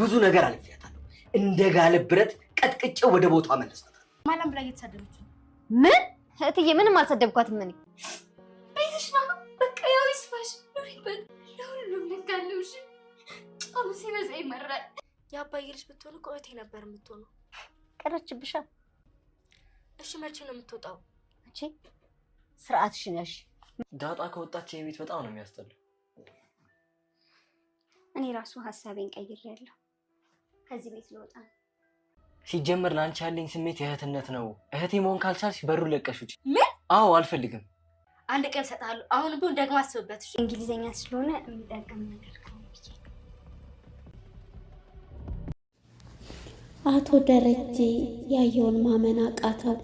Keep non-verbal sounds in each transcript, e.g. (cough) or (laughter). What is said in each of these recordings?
ብዙ ነገር አልፌያታለሁ። እንደ ጋለ ብረት ቀጥቅጬው ወደ ቦታው መለስኩት። ማለም ብላ እየተሳደበች ምን? እትዬ ምንም አልሰደብኳትም። ምን ቤትሽ ነው በቃ ያው ይስፋሽ። ለሁሉም ልካለው። እሺ ጦሩ ሲበዛ ይመራል። የአባዬ ልጅ ብትሆን እኮ እህቴ ነበር የምትሆነው። ቀረችብሻ። እሺ መቼ ነው የምትወጣው? መቼ ስርዓትሽን ያሽ ዳጣ ከወጣች የቤት በጣም ነው የሚያስጠላው። እኔ ራሱ ሀሳቤን ቀይሬያለሁ። ከዚህ ቤት ልወጣ ሲጀመር ለአንቺ ያለኝ ስሜት የእህትነት ነው። እህቴ መሆን ካልቻልሽ በሩ ለቀሽ ምን? አዎ አልፈልግም። አንድ ቀን እሰጥሃለሁ። አሁን ቢሆን ደግሞ አስብበት። እንግሊዝኛ ስለሆነ የሚጠቅም ነገር አቶ ደረጀ ያየውን ማመን አቃተው።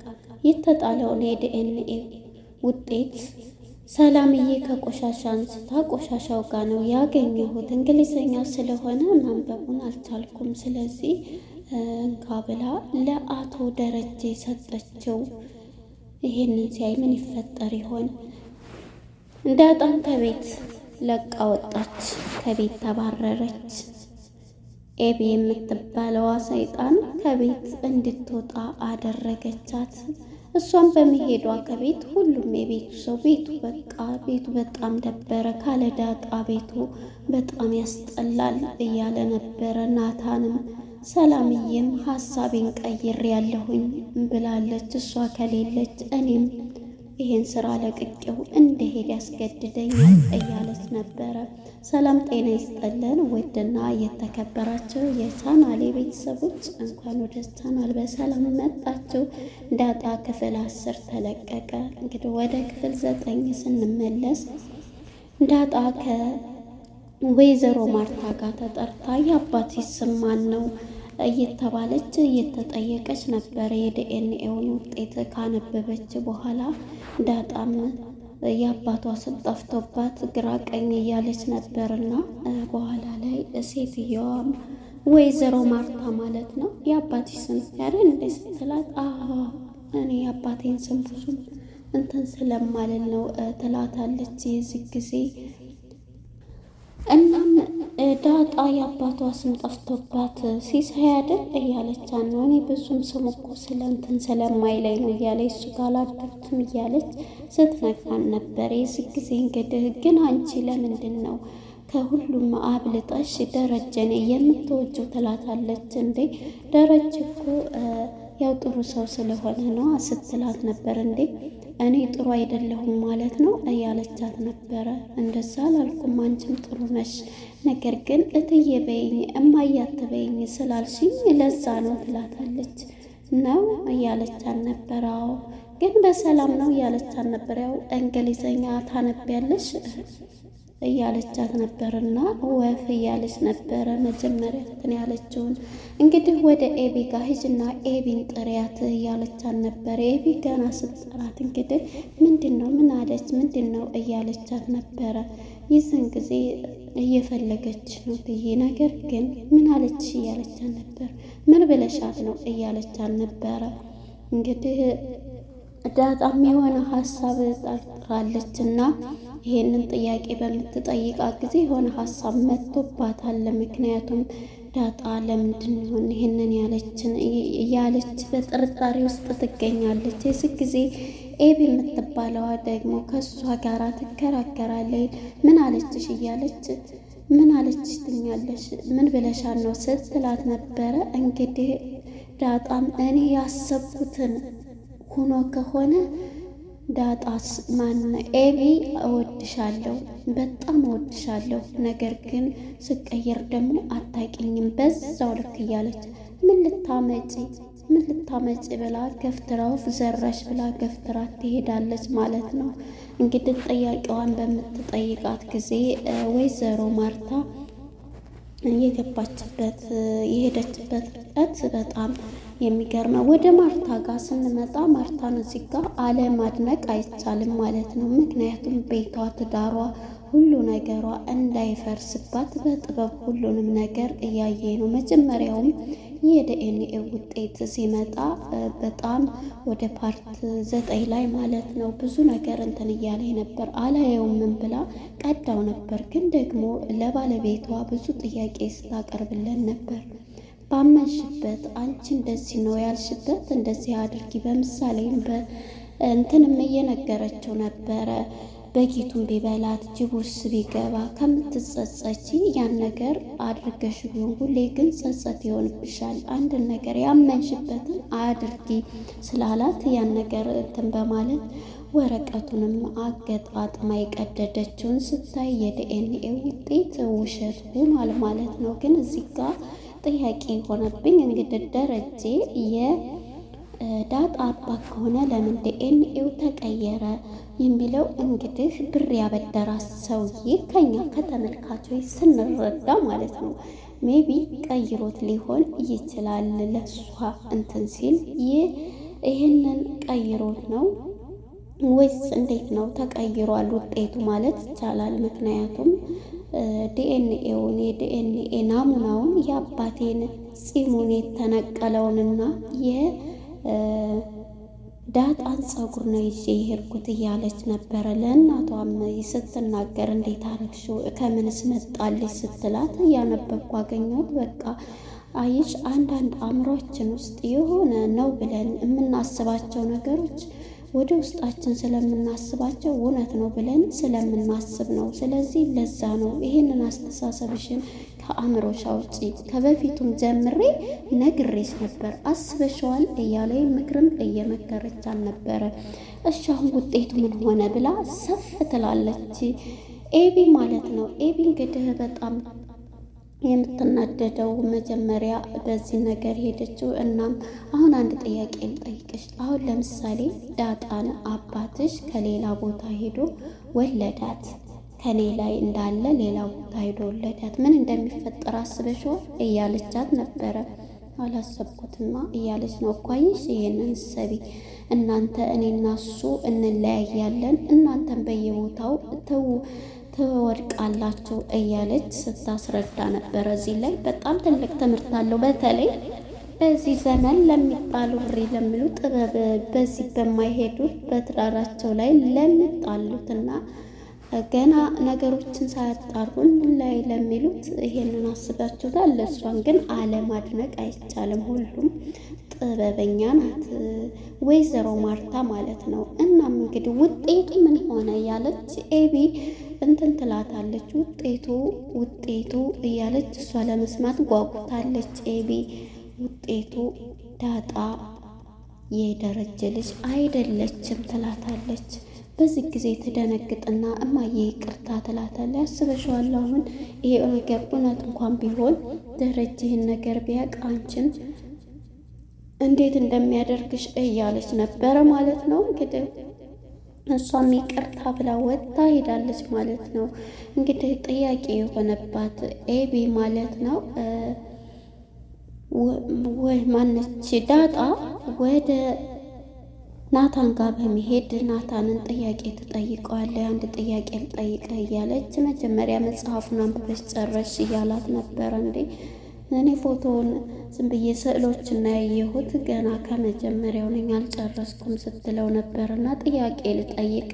የተጣለውን የዲኤንኤ ውጤት ሰላምዬ ከቆሻሻ አንስታ ቆሻሻው ጋር ነው ያገኘሁት። እንግሊዝኛ ስለሆነ ማንበቡን አልቻልኩም። ስለዚህ እንካ ብላ ለአቶ ደረጀ ሰጠችው። ይሄንን ሲያይ ምን ይፈጠር ይሆን? አጣን ከቤት ለቃ ወጣች፣ ከቤት ተባረረች። ኤቢ የምትባለዋ ሰይጣን ከቤት እንድትወጣ አደረገቻት። እሷም በመሄዷ ከቤት ሁሉም የቤቱ ሰው ቤቱ በቃ ቤቱ በጣም ደበረ፣ ካለ ዳጣ ቤቱ በጣም ያስጠላል እያለ ነበረ። ናታንም ሰላምዬም ሀሳቤን ቀይሬ ያለሁኝ ብላለች። እሷ ከሌለች እኔም ይህን ስራ ለቅቄው እንደሄድ ያስገድደኛል እያለች ነበረ። ሰላም ጤና ይስጠለን ውድና የተከበራቸው የቻናሌ ቤተሰቦች እንኳን ወደ ቻናል በሰላም መጣችሁ። ዳጣ ክፍል አስር ተለቀቀ። እንግዲህ ወደ ክፍል ዘጠኝ ስንመለስ ዳጣ ከወይዘሮ ማርታ ጋር ተጠርታ የአባትሽ ስም ማን ነው እየተባለች እየተጠየቀች ነበረ። የዲኤንኤውን ውጤት ካነበበች በኋላ ዳጣም የአባቷ ስም ጠፍቶባት ግራ ቀኝ እያለች ነበርና በኋላ ላይ ሴትየዋም ወይዘሮ ማርታ ማለት ነው የአባት ስም ያደ እንደ ስትላት እኔ የአባቴን ስም ብዙም እንትን ስለማልል ነው ትላታለች። የዚህ ጊዜ እናም ዳጣ የአባቷ ስም ጠፍቶባት ሲሳይ አይደል እያለች ነው። እኔ ብዙም ስም እኮ ስለ እንትን ስለማይለኝ ነው እያለ እሱ ጋር እያለች ስትነግራት ነበር። የዚህ ጊዜ እንግዲህ ግን አንቺ ለምንድን ነው ከሁሉም አብልጠሽ ደረጀን የምትወጂው ትላታለች። እንዴ ደረጀ እኮ ያው ጥሩ ሰው ስለሆነ ነው ስትላት ነበር እንዴ እኔ ጥሩ አይደለሁም ማለት ነው እያለቻት ነበረ። እንደዛ አላልኩም፣ አንቺም ጥሩ ነሽ፣ ነገር ግን እትዬ በይኝ እማያት በይኝ ስላልሽኝ ለዛ ነው ትላታለች። ነው እያለቻት ነበረ። አዎ ግን በሰላም ነው እያለቻት ነበር። ያው እንግሊዘኛ ታነቢያለሽ እያለቻት ነበርና ወፍ እያለች ነበረ መጀመሪያ እንትን ያለችውን እንግዲህ ወደ ኤቢ ጋ ሂጅና ኤቢን ጥሪያት እያለቻት ነበር። ኤቢ ገና ስትጠራት እንግዲህ ምንድን ነው ምን አለች ምንድን ነው እያለቻት ነበረ። ይዝን ጊዜ እየፈለገች ነው ብዬ ነገር ግን ምን አለች እያለቻት ነበር። ምን ብለሻት ነው እያለቻት ነበረ እንግዲህ ዳጣም የሆነ ሀሳብ ጠርጥራለች እና ይሄንን ጥያቄ በምትጠይቃ ጊዜ የሆነ ሀሳብ መጥቶባታል። ምክንያቱም ዳጣ ለምንድን ይሆን ይህንን ያለችን እያለች በጥርጣሬ ውስጥ ትገኛለች። የዚህ ጊዜ ኤብ የምትባለዋ ደግሞ ከእሷ ጋር ትከራከራለች። ምን አለችሽ እያለች ምን አለችሽ ትኛለሽ ምን ብለሻን ነው ስትላት ነበረ። እንግዲህ ዳጣም እኔ ያሰብኩትን ሆኖ ከሆነ ዳጣስ ማነ ኤቢ እወድሻለሁ፣ በጣም እወድሻለሁ፣ ነገር ግን ስቀየር ደግሞ አታቂኝም በዛው ልክ እያለች ምን ልታመጪ ምን ልታመጪ ብላ ገፍትራው ዘረሽ ብላ ገፍትራት ትሄዳለች ማለት ነው። እንግዲህ ጥያቄዋን በምትጠይቃት ጊዜ ወይዘሮ ማርታ የገባችበት የሄደችበት ርቀት በጣም የሚገርመው። ወደ ማርታ ጋር ስንመጣ ማርታን እዚህ ጋር አለማድነቅ አይቻልም ማለት ነው። ምክንያቱም ቤቷ፣ ትዳሯ፣ ሁሉ ነገሯ እንዳይፈርስባት በጥበብ ሁሉንም ነገር እያየ ነው መጀመሪያውም የዲኤንኤ ውጤት ሲመጣ በጣም ወደ ፓርት ዘጠኝ ላይ ማለት ነው ብዙ ነገር እንትን እያለ ነበር። አላየውም ብላ ቀዳው ነበር፣ ግን ደግሞ ለባለቤቷ ብዙ ጥያቄ ስታቀርብለን ነበር። ባመንሽበት አንቺ እንደዚህ ነው ያልሽበት እንደዚህ አድርጊ በምሳሌም በእንትንም እየነገረችው ነበረ በቂቱን ቢበላት ጅቡስ ቢገባ ከምትጸጸች ያን ነገር አድርገሽ ቢሆን ሁሌ ግን ጸጸት ይሆንብሻል። አንድን ነገር ያመንሽበትን አድርጊ ስላላት ያን ነገር እንትን በማለት ወረቀቱንም አገጣጥማ የቀደደችውን ስታይ የዲኤንኤ ውጤት ውሸት ሆኗል ማለት ነው። ግን እዚህ ጋር ጥያቄ የሆነብኝ እንግዲህ ደረጀ የ ዳጣ አባት ከሆነ ለምን ዲኤንኤው ተቀየረ? የሚለው እንግዲህ ብር ያበደራት ሰውዬ ከኛ ከተመልካቾች ስንረዳ ማለት ነው ሜቢ ቀይሮት ሊሆን ይችላል። ለሷ እንትን ሲል ይህንን ቀይሮት ነው ወይስ እንዴት ነው? ተቀይሯል ውጤቱ ማለት ይቻላል። ምክንያቱም ዲኤንኤውን የዲኤንኤ ናሙናውን የአባቴን ፂሙን የተነቀለውንና ዳጣን ፀጉር ነው ይዤ የሄድኩት እያለች ነበረ። ለእናቷም ስትናገር እንዴት አረግሽው ከምንስ መጣልሽ ስትላት እያነበብኩ አገኘሁት። በቃ አይሽ አንዳንድ አእምሯችን ውስጥ የሆነ ነው ብለን የምናስባቸው ነገሮች ወደ ውስጣችን ስለምናስባቸው እውነት ነው ብለን ስለምናስብ ነው። ስለዚህ ለዛ ነው ይህንን አስተሳሰብሽን ከአእምሮሽ አውጪ፣ ከበፊቱም ጀምሬ ነግሬሽ ነበር፣ አስበሸዋል እያለ ምክርም እየመከረች አልነበረ። እሺ አሁን ውጤቱ ምን ሆነ ብላ ሰፍ ትላለች ኤቢ ማለት ነው። ኤቢ እንግዲህ በጣም የምትናደደው መጀመሪያ በዚህ ነገር ሄደችው። እናም አሁን አንድ ጥያቄ ልጠይቅሽ። አሁን ለምሳሌ ዳጣን አባትሽ ከሌላ ቦታ ሄዶ ወለዳት፣ ከኔ ላይ እንዳለ ሌላ ቦታ ሄዶ ወለዳት፣ ምን እንደሚፈጠር አስበሽ እያለቻት ነበረ። አላሰብኩትማ እያለች ነው። እኳይሽ ይሄንን ሰቢ እናንተ እኔና እሱ እንለያያለን፣ እናንተን በየቦታው ተዉ ትወድቃላችሁ እያለች ስታስረዳ ነበረ። እዚህ ላይ በጣም ትልቅ ትምህርት አለው። በተለይ በዚህ ዘመን ለሚጣሉ እሪ ለሚሉ ጥበብ በዚህ በማይሄዱት በትዳራቸው ላይ ለሚጣሉትና ገና ነገሮችን ሳያጣሩን ላይ ለሚሉት ይሄንን አስባችሁታል። ለእሷን ግን አለማድነቅ አይቻልም። ሁሉም ጥበበኛ ናት ወይዘሮ ማርታ ማለት ነው። እናም እንግዲህ ውጤቱ ምን ሆነ ያለች ኤቢ እንትን ትላታለች። ውጤቱ ውጤቱ እያለች እሷ ለመስማት ጓጉታለች። ኤቢ ውጤቱ ዳጣ የደረጀ ልጅ አይደለችም ትላታለች። በዚህ ጊዜ ትደነግጥና እማዬ ይቅርታ ትላታለች። አስበሽዋለሁ ምን ይሄ ነገር እውነት እንኳን ቢሆን ደረጀ ይህን ነገር ቢያቅ አንቺን እንዴት እንደሚያደርግሽ እያለች ነበረ ማለት ነው እንግዲህ እሷም ይቅርታ ብላ ወጥታ ሄዳለች ማለት ነው። እንግዲህ ጥያቄ የሆነባት ኤቢ ማለት ነው ወይ ማነች ዳጣ ወደ ናታን ጋር በመሄድ ናታንን ጥያቄ ትጠይቀዋለ። አንድ ጥያቄ ልጠይቀህ እያለች መጀመሪያ መጽሐፉን አንብበሽ ጨረሽ እያላት ነበረ እንዴ እኔ ፎቶውን ዝም ብዬ ስዕሎች እና ያየሁት ገና ከመጀመሪያው ነኝ አልጨረስኩም ስትለው ነበር። ጥያቄ ልጠይቅ፣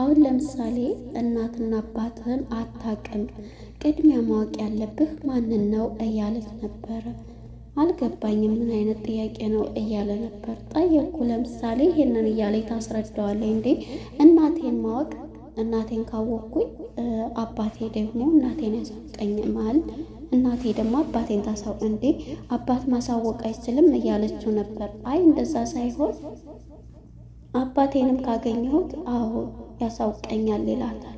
አሁን ለምሳሌ እናትና አባትህን አታቅም፣ ቅድሚያ ማወቅ ያለብህ ማንን ነው እያለች ነበረ። አልገባኝም፣ ምን አይነት ጥያቄ ነው እያለ ነበር። ጠየቅኩ፣ ለምሳሌ ይህንን እያለኝ ታስረዳዋለኝ። እንዴ እናቴን ማወቅ እናቴን ካወቅኩኝ አባቴ ደግሞ እናቴን ያሳውቀኛል እናቴ ደግሞ አባቴን ታሳው እንዴ አባት ማሳወቅ አይችልም እያለችው ነበር። አይ እንደዛ ሳይሆን አባቴንም ካገኘሁት አዎ ያሳውቀኛል ይላታል።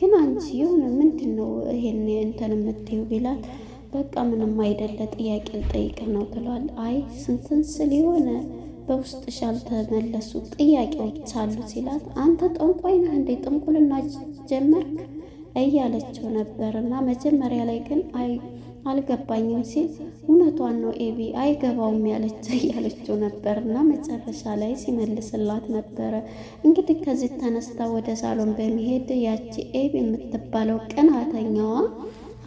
ግን አንቺ የሆነ ምንድን ነው ይሄን እንትን የምትይው ቢላት በቃ ምንም አይደለ ጥያቄ ጠይቅ ነው ትሏል። አይ ስንትን ስል የሆነ በውስጥሽ ያልተመለሱ ጥያቄዎች አሉ ሲላት አንተ ጠንቋይ ነህ እንዴ ጥንቁልና ጀመርክ እያለችው ነበር እና መጀመሪያ ላይ ግን አልገባኝም ሲል እውነቷን ነው ኤቢ አይገባውም ያለች (laughs) እያለችው ነበር እና መጨረሻ ላይ ሲመልስላት ነበረ። እንግዲህ ከዚህ ተነስታ ወደ ሳሎን በሚሄድ ያቺ ኤቢ የምትባለው ቅናተኛዋ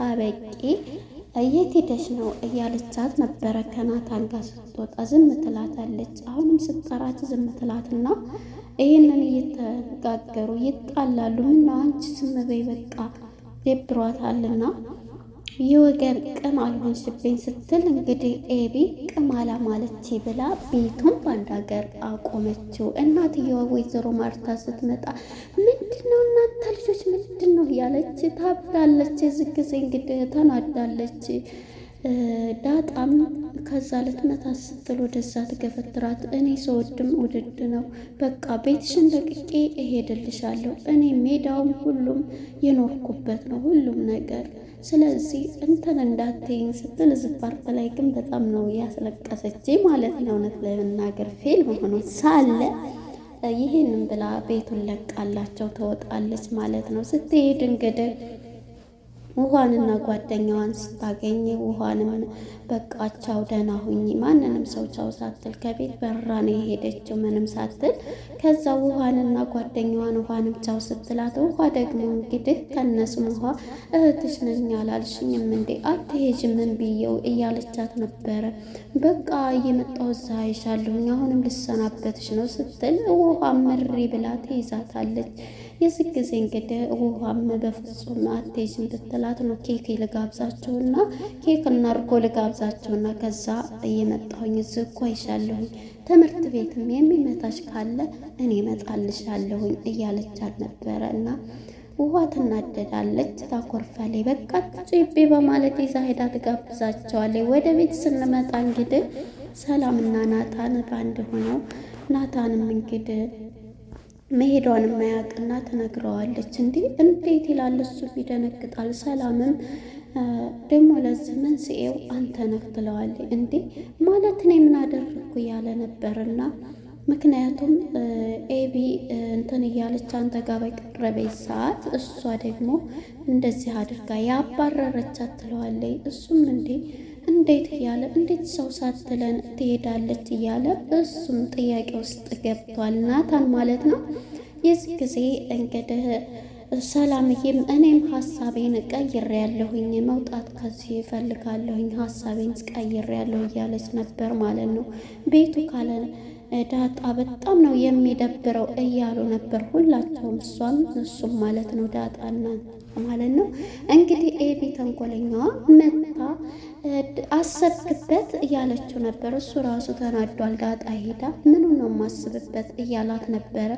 አበቂ የት ሄደሽ ነው እያለቻት ነበረ። ከናታን ጋር ስትወጣ ዝም ትላታለች። አሁንም ስትጠራት ዝም ትላትና ይህንን እየተጋገሩ ይጣላሉ። ምነው አንቺ ዝም በይ በቃ ደብሯታልና የወገን ቅም አልሆንሽብኝ ስትል እንግዲህ ኤቢ ቅማላ ማለች ብላ ቤቱን በአንድ ሀገር አቆመችው። እናትየዋ ወይዘሮ ማርታ ስትመጣ ምንድን ነው እናንተ ልጆች ምንድን ነው እያለች ታብዳለች። እዚህ ጊዜ እንግዲህ ተናዳለች ዳጣም ከዛ ልትመታት ስትል ወደዛ ትገፈትራት። እኔ ሰወድም ውድድ ነው። በቃ ቤትሽን ለቅቄ እሄድልሻለሁ። እኔ ሜዳውም ሁሉም የኖርኩበት ነው ሁሉም ነገር። ስለዚህ እንትን እንዳትይኝ ስትል ዝባርቅ ላይ ግን በጣም ነው ያስለቀሰች ማለት ነው። እውነት ለመናገር ፌል ሆኖ ሳለ ይህንን ብላ ቤቱን ለቃላቸው ትወጣለች ማለት ነው። ስትሄድ እንግዲህ ውሃንና ጓደኛዋን ስታገኝ ውሃንም በቃ ቻው ደህና ሁኝ ማንንም ሰው ቻው ሳትል ከቤት በራ ነው የሄደችው፣ ምንም ሳትል። ከዛ ውሃንና ጓደኛዋን ውሃንም ቻው ስትላት፣ ውሃ ደግሞ እንግዲህ ከነሱም ውሃ እህትሽ ነኝ አላልሽኝም እንዴ አትሄጂ ምን ብየው እያለቻት ነበረ። በቃ እየመጣሁ እዛ አይሻለሁኝ አሁንም ልሰናበትሽ ነው ስትል ውሃ ምሪ ብላ ትይዛታለች። የዚህ ጊዜ እንግዲህ ውሃም በፍጹም አትሄጂም ብትላት ነው ኬክ ልጋብዛቸውና ኬክ እና እርጎ ልጋብዛቸውና ከዛ እየመጣሁኝ እዚህ እኮ ይሻለሁኝ ትምህርት ቤትም የሚመታሽ ካለ እኔ እመጣልሻለሁኝ እያለቻት ነበረ እና ውሃ ትናደዳለች፣ ታኮርፋለች። በቃ ጭቤ በማለት ይዛ ሄዳ ትጋብዛቸዋለች። ወደ ቤት ስንመጣ እንግዲህ ሰላምና ናታን በአንድ ሆነው ናታንም እንግዲህ መሄዷን የማያውቅና ትነግረዋለች። እንዲህ እንዴት ይላል እሱ ይደነግጣል። ሰላምም ደግሞ ለዚህ መንስኤው አንተ ነህ ትለዋለች። እንዴ ማለት እኔ ምን አደረግኩ እያለ ነበርና ምክንያቱም ኤቢ እንትን እያለች አንተ ጋር በቀረበች ሰዓት እሷ ደግሞ እንደዚህ አድርጋ ያባረረቻት ትለዋለች። እሱም እንዴ እንዴት እያለ እንዴት ሰው ሳትለን ትሄዳለች እያለ እሱም ጥያቄ ውስጥ ገብቷል ናታን ማለት ነው። የዚህ ጊዜ እንግዲህ ሰላምዬም እኔም ሀሳቤን ቀይሬ ያለሁኝ መውጣት ከዚህ ይፈልጋለሁኝ ሀሳቤን ቀይሬ ያለሁ እያለች ነበር ማለት ነው። ቤቱ ካለ ዳጣ በጣም ነው የሚደብረው እያሉ ነበር ሁላቸውም፣ እሷም እሱም ማለት ነው። ዳጣና ማለት ነው እንግዲህ ኤቢ ተንኮለኛዋ መታ አሰብክበት እያለችው ነበር። እሱ ራሱ ተናዷል። ጋጣ ሄዳ ምኑ ነው የማስብበት እያላት ነበረ።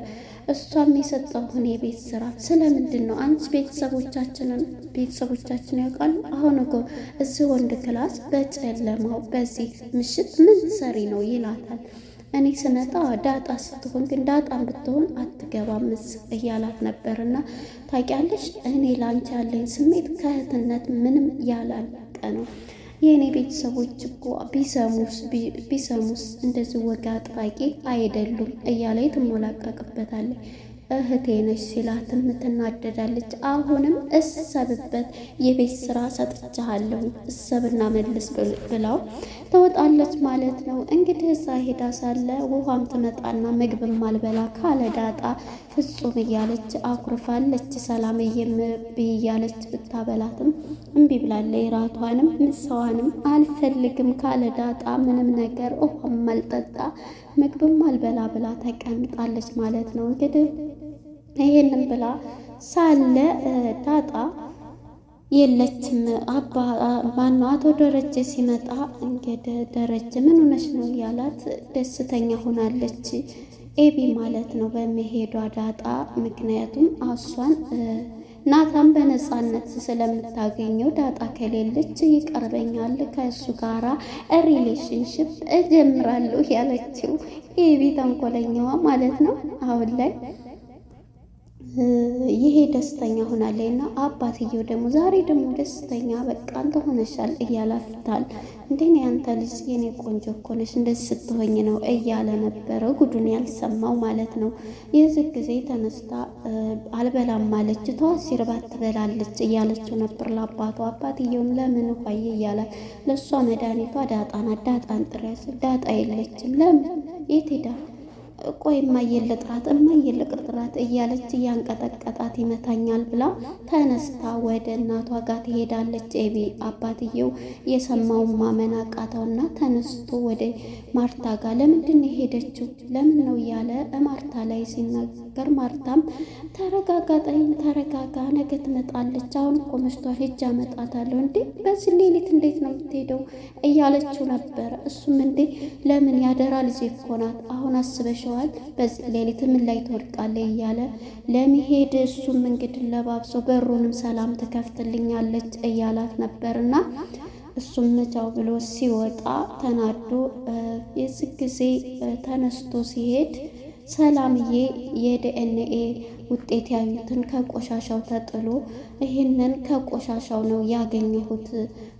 እሷም የሰጠውን የቤት ስራ ስለምንድን ነው አንቺ ቤተሰቦቻችንን ቤተሰቦቻችን ያውቃሉ። አሁን እኮ እዚህ ወንድ ክላስ በጨለማው በዚህ ምሽት ምን ሰሪ ነው ይላታል። እኔ ስነጣ ዳጣ ስትሆን ግን ዳጣም ብትሆን አትገባም እያላት ነበር። እና ታውቂያለሽ እኔ ላንቺ ያለኝ ስሜት ከእህትነት ምንም ያላቀ ነው የእኔ ቤተሰቦች እኮ ቢሰሙስ ቢሰሙስ እንደዚህ ወግ አጥባቂ አይደሉም እያለች ትሞላቀቅበታለች። እህቴ ነች ሲላትም ትናደዳለች። አሁንም እሰብበት የቤት ስራ ሰጥቻለሁ፣ እሰብና መልስ ብላው ትወጣለች ማለት ነው። እንግዲህ እዛ ሄዳ ሳለ ውሃም ትመጣና ምግብም አልበላ ካለ ዳጣ ፍጹም እያለች አኩርፋለች። ሰላም እያለች ብታበላትም እምቢ ብላለ። የራቷንም ምሳዋንም አልፈልግም ካለ ዳጣ ምንም ነገር ውሃም አልጠጣ ምግብም አልበላ ብላ ተቀምጣለች ማለት ነው እንግዲህ ይሄንን ብላ ሳለ ዳጣ የለችም። አባ ማነው አቶ ደረጀ ሲመጣ እንግዲህ ደረጀ ምን ሆነሽ ነው እያላት ደስተኛ ሆናለች። ኤቢ ማለት ነው በመሄዷ ዳጣ ምክንያቱም አሷን ናታን በነፃነት ስለምታገኘው ዳጣ ከሌለች ይቀርበኛል፣ ከእሱ ጋራ ሪሌሽንሽፕ እጀምራለሁ ያለችው ኤቢ ተንኮለኛዋ ማለት ነው አሁን ላይ ይሄ ደስተኛ ሆናለች እና አባትየው ደግሞ ዛሬ ደግሞ ደስተኛ በቃ አንተ ሆነሻል እያላፍታል። እንዴ ያንተ ልጅ የኔ ቆንጆ እኮ ነሽ እንደዚህ ስትሆኝ ነው እያለ ነበረው። ጉዱን ያልሰማው ማለት ነው። የዚህ ጊዜ ተነስታ አልበላም አለች። ሲርባት ትበላለች እያለችው ነበር ለአባቱ። አባትየውም ለምን ኳየ እያለ ለእሷ መድኃኒቷ ዳጣን አዳጣን ጥሪያስ ዳጣ የለችም ለምን የት ሄዳ ቆይ እማዬን ልጥራት፣ እማዬን ልቅጥራት እያለች እያንቀጠቀጣት ይመታኛል ብላ ተነስታ ወደ እናቷ ጋር ትሄዳለች። ኤቢ አባትየው የሰማውን ማመን አቃተውና ተነስቶ ወደ ማርታ ጋር ለምንድን ነው ለምን ነው እያለ ማርታ ላይ ሲናገር ማርታም ተረጋጋ፣ ተረጋጋ፣ ነገ ትመጣለች። አሁን እኮ መሽቷል፣ ሂጅ አመጣታለሁ። እንዴ በዚህ ሌሊት እንዴት ነው የምትሄደው እያለችው ነበረ። እሱም እንዴ ለምን ያደራ ልጄ እኮ ናት፣ አሁን አስበሽ ይዟቸዋል። በዚህ ሌሊት ምን ላይ ትወድቃለህ እያለ ለመሄድ እሱም እንግዲህ ለባብሶ በሩንም ሰላም ትከፍትልኛለች እያላት ነበርና እሱም መቻው ብሎ ሲወጣ ተናዶ የዚህ ጊዜ ተነስቶ ሲሄድ ሰላምዬ የዲኤንኤ ውጤት ያዩትን ከቆሻሻው ተጥሎ ይህንን ከቆሻሻው ነው ያገኘሁት።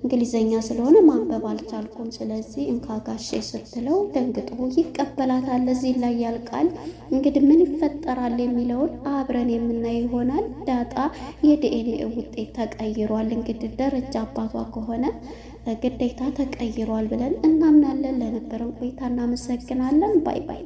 እንግሊዘኛ ስለሆነ ማንበብ አልቻልኩም። ስለዚህ እንካጋሼ ስትለው ደንግጦ ይቀበላታል። እዚህ ላይ ያልቃል። እንግዲህ ምን ይፈጠራል የሚለውን አብረን የምናይ ይሆናል። ዳጣ የዲኤንኤ ውጤት ተቀይሯል። እንግዲህ ደረጃ አባቷ ከሆነ ግዴታ ተቀይሯል ብለን እናምናለን። ለነበረን ቆይታ እናመሰግናለን። ባይ ባይ።